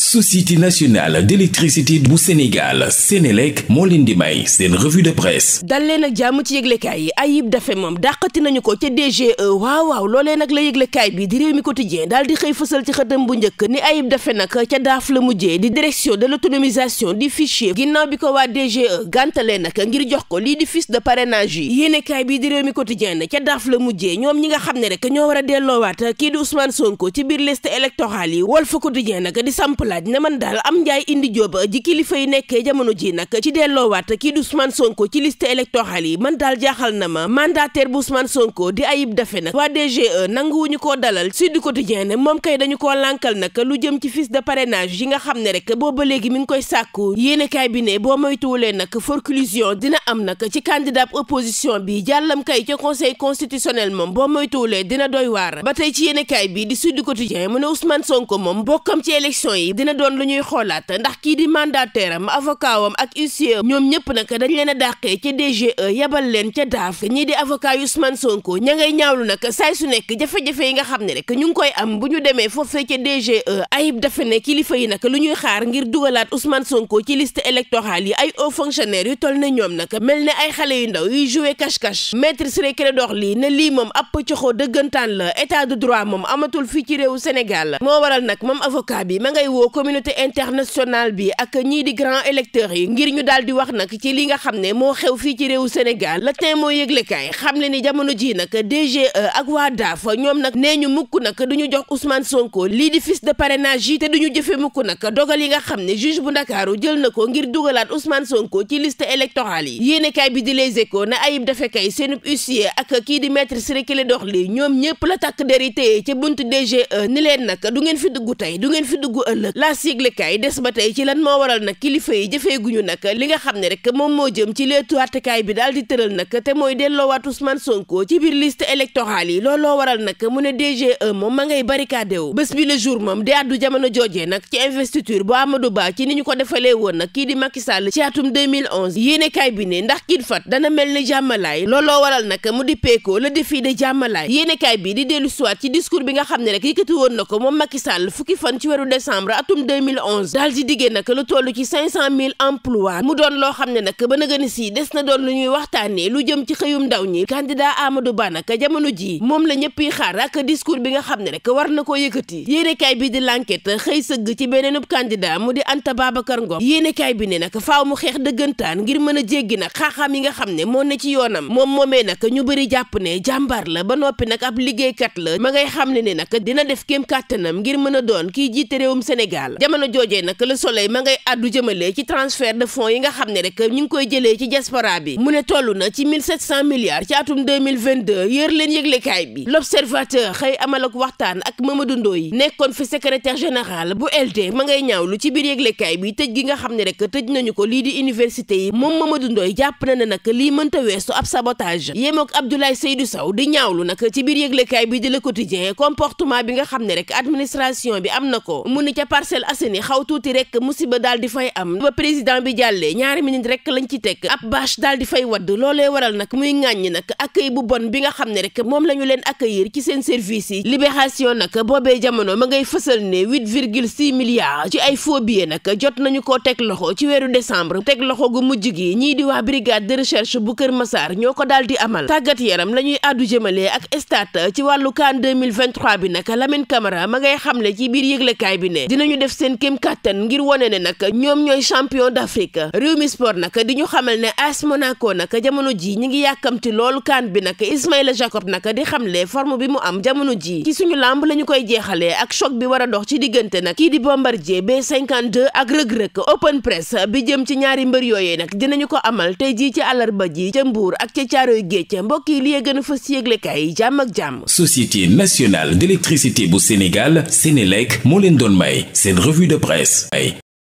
société nationale d'électricité bu Sénégal Sénélec moo leen di may seen revue de presse dal leen ak jàmm ci yëglekaay yi Ayib Daffé moom dàqati nañu ko ca DGE waaw waaw loolee la yëglekaay bi di réew mi quotidien daal di xëy fësal ci xëtam bu njëkk ni Ayib Daffé nag ca daaf la mujjee di direction de l'autonomisation du fichier ginnaaw bi ko waa DGE gàntalee nag ngir jox ko lii di fiche de parrainage yi yéenekaay bi di réew mi quotidien ca daaf la ñi nga xam ne rek ñoo a delloowaat kii di Ousmane Sonko yi Walf laaj ne man daal am njaay indi jóob ji kilifa yi nekkee jamono ji nag ci delloowaat kii di Ousmane Sonko ci list électorale yi man daal jaaxal na ma mandataire bu Ousmane Sonko di Ayib Daffé nag waa DGE nanguwuñu koo dalal Sud Quotidien ne moom kay dañu ko lànkal nag lu jëm ci fiche de parrainage yi nga xam ne rek booba léegi mi ngi koy sàkku yéenekaay bi ne boo moytuwulee nag forclusion dina am nag ci candidat opposition bi jàllam kay ca conseil constitutionnel moom boo moytuwulee dina doy waar ba tey ci yéenekaay bi di Sud Quotidien mu ne Ousmane Sonko moom bokkam ci yi dina doon lu ñuy xoolaat ndax kii di mandataire am avocat wam ak huissier ñoom ñëpp nag dañu leen a dàqee ca DGE yebal leen ca daaf ñii di avocat yu Ousmane Sonko ña ngay ñaawlu nag saay su nekk jafe-jafe yi nga xam ne rek ñu ngi koy am bu ñu demee foofee ca DGE ay dafa ne kilifa yi nag lu ñuy xaar ngir dugalaat Ousmane Sonko ci liste électorale yi ay hauts fonctionnaires yu toll na ñoom nag mel ne ay xale yu ndaw yuy jouer cache-cache maître Ciré Clédor Ly ne lii moom ab coxoo dëggantaan état de droit moom amatul fii ci réewu Sénégal moo waral nag moom avocat bi ma ngay communauté internationale bi ak ñii di grand électeurs yi ngir ñu daal di wax nag ci li nga xam ne moo xew fii ci réewu Sénégal la tey moo yëglekaay xam ne ni jamono ji nag DGE ak waa ñoom nag nee ñu mukk nag du ñu jox Ousmane Sonko lii di fils de parrainage yi te du ñu jëfe mukk nag dogal yi nga xam ne juge bu Ndakaaru jël na ko ngir dugalaat Ousmane Sonko ci liste électorale yi yéenekaay bi di Les Échos na ayib dafekay seenub huissier ak kii di maître Ciré Clédor Ly ñoom ñëpp la takk dérité ca buntu DGE ni leen nag du ngeen fi dugg tey du ngeen fi dugg ëllëg laas yëglekaay des ba tey ci lan moo waral nag kilifa yi jëfeeguñu nag li nga xam ne rek moom moo jëm ci leetu àttekaay bi daal di tëral nag te mooy delloowaat Ousmane Sonko ci biir liste électorale yi looloo waral nag mu ne DGE moom ma ngay barricadé wu bés bi le jour moom di àddu jamono joojee nag ci investiture bu Amadou Ba ci ni ñu ko defalee woon nag kii di Macky Sall ci atum 2011 yéenekaay bi ne ndax kiit fat dana mel ni jàmmalaay looloo waral nag mu dippeekoo la le défi de jàmmalaay yéenekaay bi di dellu siwaat ci discours bi nga xam ne rek yëkkati woon na ko moom Macky fukki fan ci weeru décembre atum 2011 daal di diggée nag lu toll ci 500000 emploi mu doon loo xam ne nag ba nëgën si des na doon lu ñuy waxtaanee lu jëm ci xëyum ndaw ñi candidat Amadou Ba nag jamono ji moom la ñëpp yi xaar ak discours bi nga xam ne rek war na koo yëkkati yéenekaay bi di l'enquête xëy sëgg ci beneenub candidat mu di Anta Babacar ngoom yéenekaay bi ne nag faaw mu xeex dëggantaan ngir mën a jéggi nag xaaxaam yi nga xam ne moom ne ci yoonam moom moomee nag ñu bëri jàpp ne jàmbaar la ba noppi nag ab liggéeykat la ma ngay xam ne ne nag dina def kéem kàttanam ngir mën a doon kiy jiite réewum Sénégal Sénégal jamono joojee nag le soleil ma ngay àddu jëmale ci transfert de fonds yi nga xam ne rek ñu ngi koy jëlee ci diaspora bi mu ne toll na ci milliards ci atum yër leen yëglekaay bi tëj gi nga xam ne rek tëj nañu ko lii di université yi moom Mamadou Ndoye jàpp na ne nag lii mënta weesu ab sabotage yéem ak Abdoulaye Seydou Sow di ñaawlu nag ci biir yëglekaay bi di le quotidien comportement bi nga xam ne rek administration bi am na ko mu ne ca Parcelles Assainies xaw tuuti rek musiba daal di fay am ba président bi jàllee ñaari minute rek lañ ci teg ab bâche daal di fay wadd loolee waral nag muy ŋàññi nag accueil bu bon bi nga xam ne rek moom la ñu leen accueillir ci seen service yi libération nag boobee jamono ma ngay fësal ne huit virgule six milliards ci ay faux billets nag jot nañu koo teg loxo ci weeru décembre teg loxo gu mujj gi ñii di waa brigade de recherche bu Kër Massar ñoo ko daal di amal tàggat yaram la ñuy àddu jëmale ak stade ci wàllu CAN 2023 bi nag Lamine Camara ma ngay xamle ci biir yëglekaay bi ne ñu def seen kéem kàttan ngir wane ne nag ñoom ñooy champion d'Afrique réew mi sport nag di ñu xamal ne AS Monaco nag jamono ji ñu ngi yàkkamti loolu kaan bi nag Ismaïla Jacob nag di xamle form bi mu am jamono ji ci suñu làmb la ñu koy jeexalee ak choc bi war a dox ci diggante nag kii di Bombardier B52 ak rëg-rëg open press bi jëm ci ñaari mbër yooyee nag dinañu ko amal tey jii ci àllarba ji ca Mbour ak ca Caaroy Géej mbokk yi li gën a fës yëglekaay yi jàmm ak jàmm société nationale d'électricité bu Sénégal Sénélec moo leen doon may seen revue de presse ay